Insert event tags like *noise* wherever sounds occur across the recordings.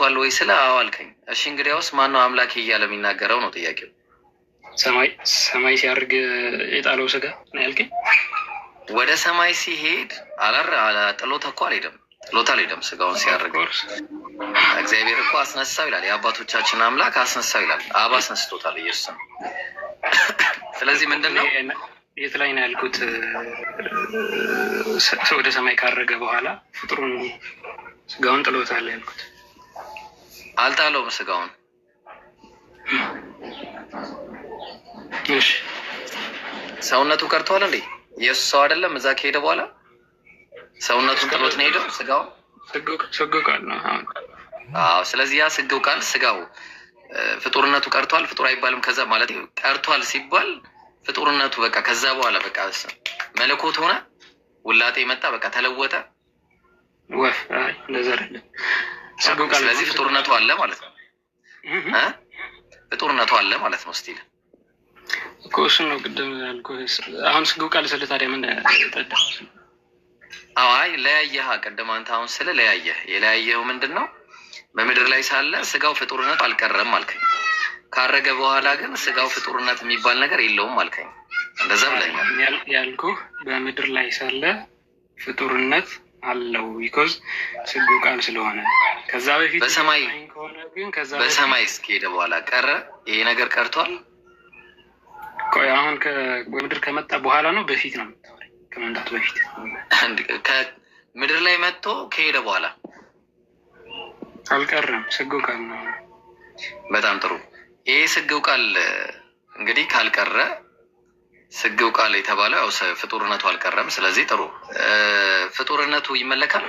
ገብቷል ወይ ስለ አዋልከኝ። እሺ እንግዲያውስ ነው አምላክ እያለ የሚናገረው ነው ጥያቄው። ሰማይ ሲያርግ የጣለው ስጋ ነው ያልከኝ። ወደ ሰማይ ሲሄድ አላር ጥሎት እኮ አልሄደም፣ ጥሎት አልሄደም። ስጋውን ሲያርግ እግዚአብሔር እኮ አስነሳው ይላል። የአባቶቻችን አምላክ አስነሳው ይላል። አብ አስነስቶታል ኢየሱስ ነው። ስለዚህ ምንድን ነው የት ላይ ነው ያልኩት? ወደ ሰማይ ካረገ በኋላ ፍጡሩን ስጋውን ጥሎታል ያልኩት አልጣለውም ስጋውን። ሰውነቱ ቀርቷል እንዴ? የእሱ ሰው አይደለም። እዛ ከሄደ በኋላ ሰውነቱ ጥሎት ነው ሄደው ስጋው ስጋው ስለዚህ ያ ስጋው ቃል ስጋው ፍጡርነቱ ቀርቷል። ፍጡር አይባልም። ከዛ ማለት ቀርቷል ሲባል ፍጡርነቱ በቃ ከዛ በኋላ በቃ መለኮት ሆነ፣ ውላጤ መጣ፣ በቃ ተለወጠ። ወፍ እንደዛ አይደለም ስለዚህ ፍጡርነቱ አለ ማለት ነው። ፍጡርነቱ አለ ማለት ነው። ስቲል እኮ እሱን ነው ቅድም ያልኩህ። አሁን ስግው ቃል ስለ ታዲያ ምን ጠዳ? አይ ለያየህ፣ ቅድም አንተ አሁን ስለ ለያየህ፣ የለያየኸው ምንድን ነው? በምድር ላይ ሳለ ስጋው ፍጡርነቱ አልቀረም አልከኝ። ካረገ በኋላ ግን ስጋው ፍጡርነት የሚባል ነገር የለውም አልከኝ። እንደዛ ብለኛል ያልኩህ በምድር ላይ ሳለ ፍጡርነት አለው ቢኮዝ ስግው ቃል ስለሆነ ከዛ በፊት በሰማይ በሰማይ እስከሄደ በኋላ ቀረ። ይሄ ነገር ቀርቷል። ቆይ አሁን ከምድር ከመጣ በኋላ ነው በፊት ነው የምታወሪኝ? ከመምጣቱ በፊት አንድ ከምድር ላይ መጥቶ ከሄደ በኋላ አልቀረም። ስግው ቃል ነው። በጣም ጥሩ። ይሄ ስግው ቃል እንግዲህ ካልቀረ ስግው ቃል የተባለው ያው ፍጡርነቱ አልቀረም። ስለዚህ ጥሩ ፍጡርነቱ ይመለካል።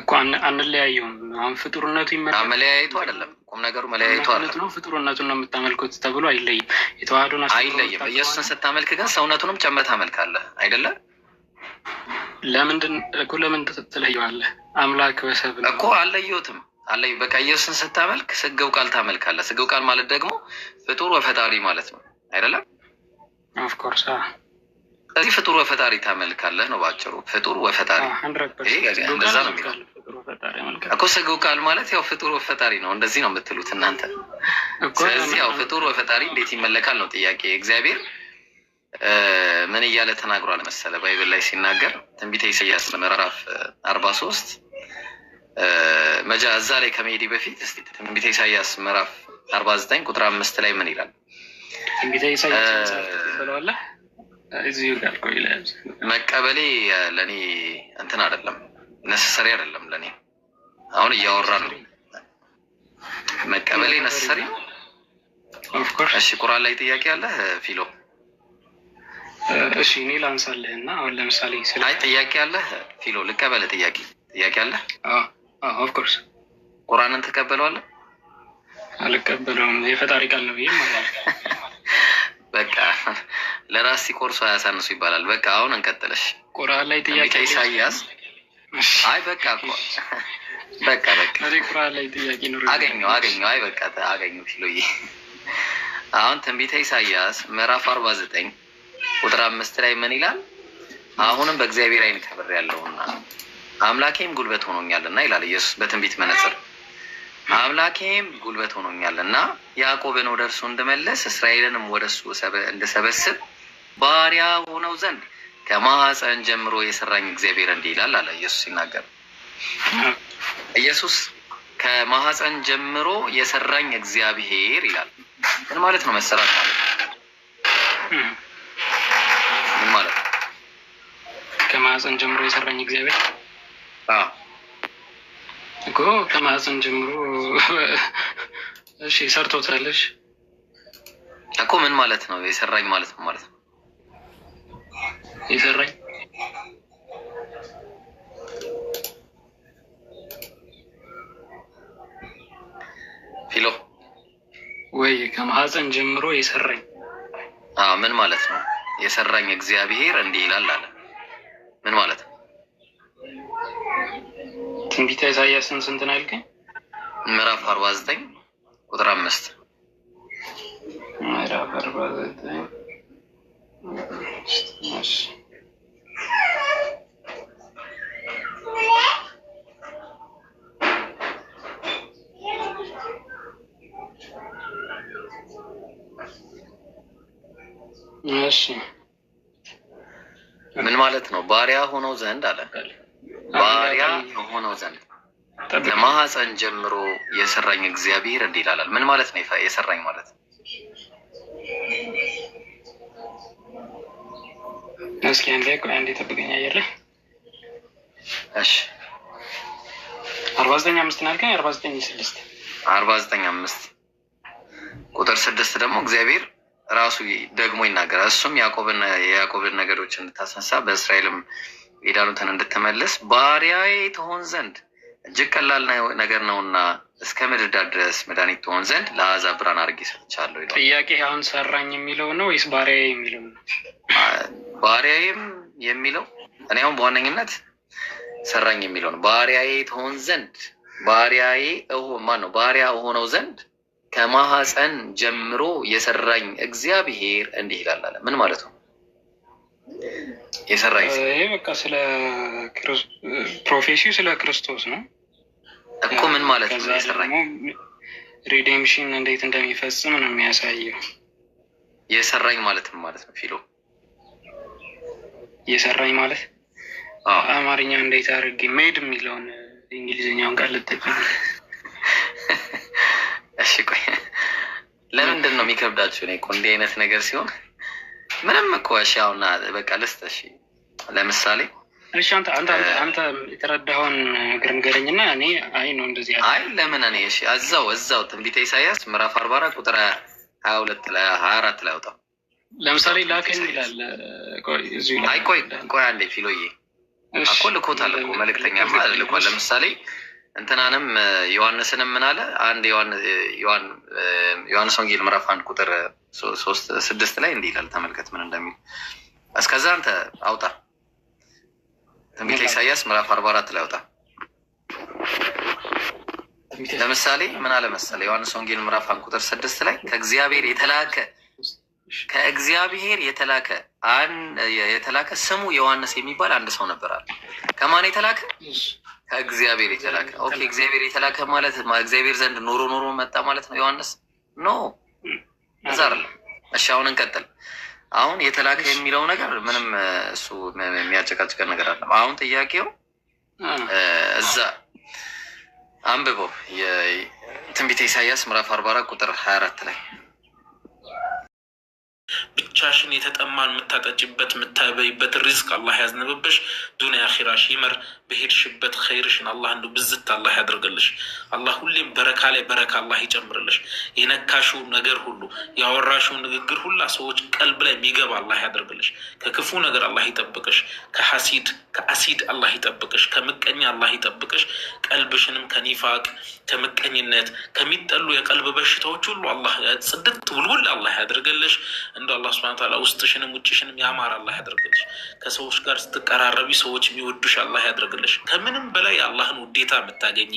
እኮ አንለያየውም። አሁን ፍጡርነቱ አይደለም ቁም ነገሩ፣ መለያየቱ ነው። ፍጡርነቱን ነው የምታመልኩት ተብሎ አይለይም። የተዋህዶን አይለይም። ኢየሱስን ስታመልክ ግን ሰውነቱንም ጨምረህ ታመልካለህ አይደለ? ለምንድን እኮ ለምን ትለየዋለህ? አምላክ በሰብ እኮ አለ በቃ ኢየሱስን ስታመልክ ስግው ቃል ታመልካለህ። ስግው ቃል ማለት ደግሞ ፍጡር ወፈጣሪ ማለት ነው አይደለም? ኦፍኮርስ ስለዚህ ፍጡር ወፈጣሪ ታመልካለህ ነው ባጭሩ። ፍጡር ወፈጣሪ እንደዛ ነው የሚለው እኮ ስግው ቃል ማለት ያው ፍጡር ወፈጣሪ ነው። እንደዚህ ነው የምትሉት እናንተ። ስለዚህ ያው ፍጡር ወፈጣሪ እንዴት ይመለካል ነው ጥያቄ። እግዚአብሔር ምን እያለ ተናግሯል መሰለ? ባይብል ላይ ሲናገር ትንቢተ ኢሳያስ ምዕራፍ አርባ ሶስት መጃ እዛ ላይ ከመሄድ በፊት እስኪ ትንቢተ ኢሳያስ ምዕራፍ አርባ ዘጠኝ ቁጥር አምስት ላይ ምን ይላል? ትንቢተ ኢሳያስ ብለዋለህ እዚሁ ጋር ቆይ መቀበሌ ለእኔ እንትን አይደለም፣ ነሰሰሪ አይደለም። ለእኔ አሁን እያወራ ነው መቀበሌ ነሰሰሪ። እሺ ቁራን ላይ ጥያቄ አለ ፊሎ? እሺ እኔ ላንሳልህ እና አሁን ለምሳሌ ስለ ጥያቄ አለ ፊሎ ልቀበለ ጥያቄ ጥያቄ አለ። ኦፍኮርስ ቁራንን ትቀበለዋለህ? አልቀበለውም የፈጣሪ ቃል ነው ብዬ በቃ ለራስ ሲቆርሱ አያሳንሱ ይባላል። በቃ አሁን እንቀጥለሽ። ቁርአን ላይ ጥያቄ ኢሳያስ አይ በቃ *laughs* በቃ በቃ ቁርአን ላይ ጥያቄ ኖር አገኘው አገኘው አይ በቃ አገኘው ኪሎዬ *laughs* አሁን ትንቢተ ኢሳያስ ምዕራፍ አርባ ዘጠኝ ቁጥር አምስት ላይ ምን ይላል? አሁንም በእግዚአብሔር ዓይን ያለውና አምላኬም ጉልበት ሆኖኛልና ይላል ኢየሱስ በትንቢት መነጽር አምላኬም ጉልበት ሆኖኛልና ያዕቆብን ወደ እርሱ እንድመለስ እስራኤልንም ወደ እሱ እንድሰበስብ ባሪያ ሆነው ዘንድ ከማህፀን ጀምሮ የሰራኝ እግዚአብሔር እንዲህ ይላል አለ ኢየሱስ ሲናገር። ኢየሱስ ከማህፀን ጀምሮ የሰራኝ እግዚአብሔር ይላል። ምን ማለት ነው? መሰራት ማለት ምን ማለት ነው? ከማህፀን ጀምሮ የሰራኝ እግዚአብሔር እኮ ከማህፀን ጀምሮ እሺ፣ ሰርቶታለሽ እኮ ምን ማለት ነው? የሰራኝ ማለት ነው ማለት ነው የሰራኝ ፊሎ ወይ ከማህፀን ጀምሮ የሰራኝ ምን ማለት ነው? የሰራኝ እግዚአብሔር እንዲህ ይላል አለ። ምን ማለት ነው? ትንቢተ ኢሳያስን ስንትን አልከኝ? ምዕራፍ አርባ ዘጠኝ ቁጥር አምስት ምዕራፍ አርባ ዘጠኝ ምን ማለት ነው? ባሪያ ሆነው ዘንድ አለ። ባሪያ ሆነው ዘንድ ከማህፀን ጀምሮ የሰራኝ እግዚአብሔር እንዲህ ይላል። ምን ማለት ነው? የሰራኝ ማለት እስኪ አንዴ ቆይ፣ አንዴ ጠብቀኝ። አየር እሺ፣ አርባ ዘጠኝ አምስት ናልከኝ። አርባ ዘጠኝ ስድስት አርባ ዘጠኝ አምስት ቁጥር ስድስት ደግሞ እግዚአብሔር ራሱ ደግሞ ይናገራል። እሱም የያዕቆብን ነገዶች እንድታስነሳ በእስራኤልም የዳኑትን እንድትመልስ ባሪያዬ ትሆን ዘንድ እጅግ ቀላል ነገር ነውና እስከ ምድር ዳር ድረስ መድኃኒት ትሆን ዘንድ ለአሕዛብ ብርሃን አድርጌ ሰጥቻለሁ ጥያቄ አሁን ሰራኝ የሚለው ነው ወይስ ባሪያዬ የሚለው ነው? ባሪያዬም የሚለው እኔ አሁን በዋነኝነት ሰራኝ የሚለው ነው። ባሪያዬ ትሆን ዘንድ ባሪያዬ ማን ነው? ባሪያ ሆነው ዘንድ ከማሐፀን ጀምሮ የሰራኝ እግዚአብሔር እንዲህ ይላል አለ። ምን ማለት ነው? የሰራኝ ይሄ በቃ ስለ ፕሮፌሲው ስለ ክርስቶስ ነው እኮ። ምን ማለት ነው? የሰራኝ ሪዴምሽን እንዴት እንደሚፈጽም ነው የሚያሳየው። የሰራኝ ማለትም ማለት ነው ፊሎ እየሰራኝ ማለት አማርኛ እንዴት አድርጌ ሜድ የሚለውን እንግሊዝኛውን ቃል ልጠቀም። *laughs* እሺ ቆይ ለምንድን ነው የሚከብዳችሁ? እኔ እኮ እንዲህ አይነት ነገር ሲሆን ምንም እኮ እሺ፣ አሁን በቃ ልስጥ። እሺ ለምሳሌ እሺ፣ አንተ አንተ አንተ የተረዳኸውን ነገር ንገረኝና እኔ አይ ነው እንደዚህ አይ ለምን እኔ እሺ፣ እዛው እዛው ትንቢተ ኢሳያስ ምዕራፍ አርባ አራት ቁጥር ሀያ ሁለት ላይ ሀያ አራት ላይ አውጣው ለምሳሌ ላከኝ ይላል። አይ ቆይ ቆይ አንዴ ፊሎዬ እኮ ልኮታል እኮ መልእክተኛ ልኮ ለምሳሌ እንትናንም ዮሐንስንም ምን አለ? አንድ ዮሐንስ ወንጌል ምዕራፍ አንድ ቁጥር ሶስት ስድስት ላይ እንዲህ ይላል። ተመልከት ምን እንደሚል እስከዛ አንተ አውጣ። ትንቢተ ኢሳያስ ምዕራፍ አርባ አራት ላይ አውጣ። ለምሳሌ ምን አለ መሰለ ዮሐንስ ወንጌል ምዕራፍ አንድ ቁጥር ስድስት ላይ ከእግዚአብሔር የተላከ ከእግዚአብሔር የተላከ የተላከ ስሙ ዮሐንስ የሚባል አንድ ሰው ነበር አለ። ከማን የተላከ? ከእግዚአብሔር የተላከ። ኦኬ፣ እግዚአብሔር የተላከ ማለት እግዚአብሔር ዘንድ ኖሮ ኖሮ መጣ ማለት ነው ዮሐንስ? ኖ ዛር አለ። እሺ፣ አሁን እንቀጥል። አሁን የተላከ የሚለው ነገር ምንም እሱ የሚያጨቃጭቀን ነገር አለ። አሁን ጥያቄው እዛ አንብበው ትንቢተ ኢሳያስ ምዕራፍ አርባ አራት ቁጥር ሀያ አራት ላይ ብቻሽን የተጠማን የምታጠጭበት የምታበይበት ሪዝቅ አላህ ያዝንብብሽ። ዱንያ አኺራሽ ይመር። በሄድሽበት ኸይርሽን አላህ እንዱ ብዝት አላህ ያደርግልሽ። አላህ ሁሌም በረካ ላይ በረካ አላህ ይጨምርልሽ። የነካሽው ነገር ሁሉ ያወራሽው ንግግር ሁላ ሰዎች ቀልብ ላይ የሚገባ አላህ ያደርግልሽ። ከክፉ ነገር አላህ ይጠብቅሽ። ከሐሲድ ከአሲድ አላህ ይጠብቅሽ። ከምቀኛ አላህ ይጠብቅሽ። ቀልብሽንም ከኒፋቅ ከምቀኝነት፣ ከሚጠሉ የቀልብ በሽታዎች ሁሉ አላህ ጽድት ውልውል አላህ ያደርግልሽ እንደ አላህ ሱብሃነሁ ወተዓላ ውስጥሽንም ውጭሽንም ያማረ አላህ ያደርግልሽ። ከሰዎች ጋር ስትቀራረቢ ሰዎች የሚወዱሽ አላህ ያደርግልሽ። ከምንም በላይ የአላህን ውዴታ የምታገኝ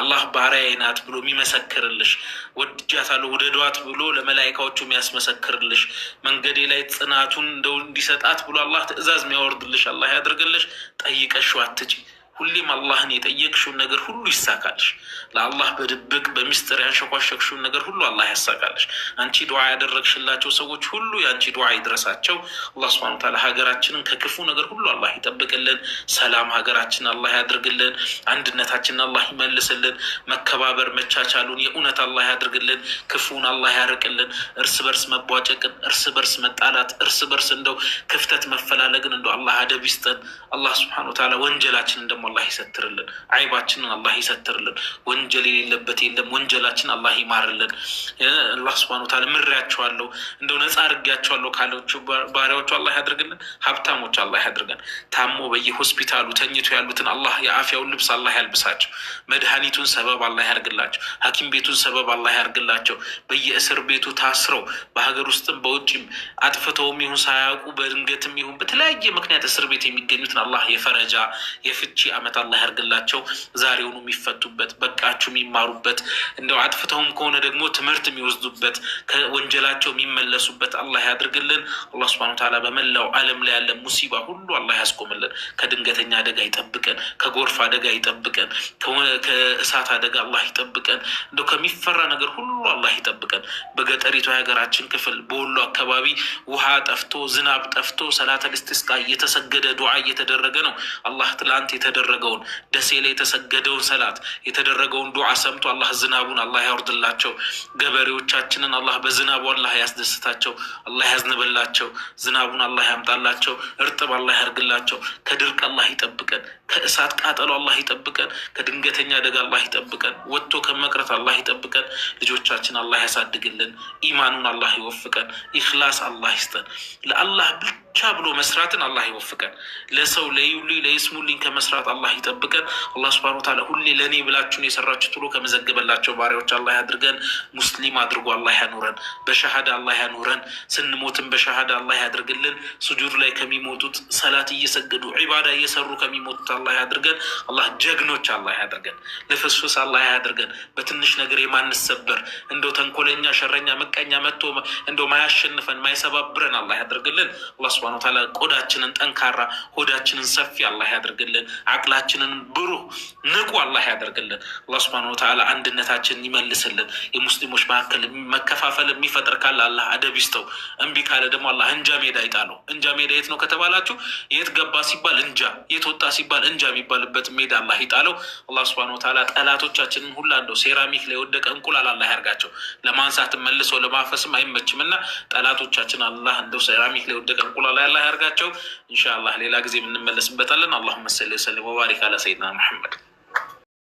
አላህ ባሪያዬ ናት ብሎ የሚመሰክርልሽ፣ ወድጃታለሁ ውደዷት ብሎ ለመላይካዎቹ የሚያስመሰክርልሽ፣ መንገዴ ላይ ጽናቱን እንደው እንዲሰጣት ብሎ አላህ ትዕዛዝ የሚያወርድልሽ አላህ ያደርግልሽ። ጠይቀሽው አትጪ ሁሌም አላህን የጠየቅሽውን ነገር ሁሉ ይሳካልሽ። ለአላህ በድብቅ በሚስጥር ያንሸኳሸክሽውን ነገር ሁሉ አላህ ያሳካልሽ። አንቺ ዱዓ ያደረግሽላቸው ሰዎች ሁሉ የአንቺ ዱዓ ይድረሳቸው። አላህ ሱብሃነሁ ወተዓላ ሀገራችንን ከክፉ ነገር ሁሉ አላህ ይጠብቅልን። ሰላም ሀገራችንን አላህ ያድርግልን። አንድነታችንን አላህ ይመልስልን። መከባበር መቻቻሉን የእውነት አላህ ያድርግልን። ክፉን አላህ ያርቅልን። እርስ በርስ መቧጨቅን፣ እርስ በርስ መጣላት፣ እርስ በርስ እንደው ክፍተት መፈላለግን እንደው አላህ አደብ ይስጠን። አላህ ሱብሃነሁ ወተዓላ ወንጀላችን እንደሞ አላህ ይሰትርልን። አይባችንን አላህ ይሰትርልን። ወንጀል የሌለበት የለም። ወንጀላችን አላህ ይማርልን። አላህ ስብሃነ ወተዓላ ምሬያቸዋለሁ፣ እንደው ነፃ አድርጌያቸዋለሁ ካለች ባሪያዎቹ አላህ ያድርግልን። ሀብታሞች አላህ ያድርገን። ታሞ በየሆስፒታሉ ተኝቶ ያሉትን አላህ የአፊያውን ልብስ አላህ ያልብሳቸው። መድኃኒቱን ሰበብ አላህ ያርግላቸው። ሐኪም ቤቱን ሰበብ አላህ ያርግላቸው። በየእስር ቤቱ ታስረው በሀገር ውስጥም በውጭም አጥፍተውም ይሁን ሳያውቁ በድንገትም ይሁን በተለያየ ምክንያት እስር ቤት የሚገኙትን አላህ የፈረጃ የፍቺ ሺህ ዓመት አላህ ያርግላቸው። ዛሬውኑ የሚፈቱበት በቃችሁ የሚማሩበት እንደው አጥፍተውም ከሆነ ደግሞ ትምህርት የሚወስዱበት ከወንጀላቸው የሚመለሱበት አላህ ያድርግልን። አላህ ሱብሃነሁ ወተዓላ በመላው ዓለም ላይ ያለ ሙሲባ ሁሉ አላህ ያስቆምልን። ከድንገተኛ አደጋ ይጠብቀን፣ ከጎርፍ አደጋ ይጠብቀን፣ ከእሳት አደጋ አላህ ይጠብቀን። እንደው ከሚፈራ ነገር ሁሉ አላህ ይጠብቀን። በገጠሪቷ የሀገራችን ክፍል በወሎ አካባቢ ውሃ ጠፍቶ ዝናብ ጠፍቶ ሰላተል ኢስቲስቃ እየተሰገደ ዱዓ እየተደረገ ነው። አላህ ትላንት የተደረ የተደረገውን ደሴ ላይ የተሰገደውን ሰላት የተደረገውን ዱዓ ሰምቶ አላህ ዝናቡን አላህ ያወርድላቸው። ገበሬዎቻችንን አላህ በዝናቡ አላህ ያስደስታቸው፣ አላህ ያዝንብላቸው፣ ዝናቡን አላህ ያምጣላቸው፣ እርጥብ አላህ ያርግላቸው። ከድርቅ አላህ ይጠብቀን፣ ከእሳት ቃጠሎ አላህ ይጠብቀን፣ ከድንገተኛ አደጋ አላህ ይጠብቀን፣ ወጥቶ ከመቅረት አላህ ይጠብቀን። ልጆቻችን አላህ ያሳድግልን፣ ኢማኑን አላህ ይወፍቀን፣ ኢክላስ አላህ ይስጠን ለአላህ ብቻ ብሎ መስራትን አላህ ይወፍቀን። ለሰው ለዩልኝ ለይስሙልኝ ከመስራት አላህ ይጠብቀን። አላህ ስብሐነ ወተዓላ ሁሌ ለእኔ ብላችሁን የሰራችሁት ብሎ ከመዘገበላቸው ባሪያዎች አላህ ያድርገን። ሙስሊም አድርጎ አላህ ያኑረን። በሸሃዳ አላህ ያኑረን። ስንሞትን በሸሃዳ አላህ ያድርግልን። ሱጁድ ላይ ከሚሞቱት ሰላት እየሰገዱ ዒባዳ እየሰሩ ከሚሞቱት አላህ ያድርገን። አላህ ጀግኖች አላህ ያድርገን። ልፍስፍስ አላህ ያድርገን። በትንሽ ነገር የማንሰበር እንደው ተንኮለኛ፣ ሸረኛ፣ መቀኛ መጥቶ እንደው ማያሸንፈን ማይሰባብረን አላህ ያድርግልን። ስብሃነ ተዓላ ቆዳችንን ጠንካራ፣ ሆዳችንን ሰፊ አላህ ያደርግልን። አቅላችንን ብሩህ ንቁ አላህ ያደርግልን። አላህ ስብሃነ ተዓላ አንድነታችንን ይመልስልን። የሙስሊሞች መካከል መከፋፈል የሚፈጥር ካለ አላህ አደብ ይስተው፣ እምቢ ካለ ደግሞ አላህ እንጃ ሜዳ ይጣለው። እንጃ ሜዳ የት ነው ከተባላችሁ የት ገባ ሲባል እንጃ፣ የት ወጣ ሲባል እንጃ የሚባልበት ሜዳ አላህ ይጣለው። አላህ ስብሃነ ተዓላ ጠላቶቻችንን ሁላ እንደው ሴራሚክ ላይ የወደቀ እንቁላል አላህ ያርጋቸው። ለማንሳት መልሰው ለማፈስም አይመችም እና ጠላቶቻችን አላህ እንደው ሴራሚክ ላይ ወደቀ እንቁላል ስራ ላይ አላህ ያርጋቸው። ኢንሻአላህ ሌላ ጊዜ እንመለስበታለን። አላሁመ ሰሊ ወሰሊም ወባሪክ አላ ሰይድና መሐመድ።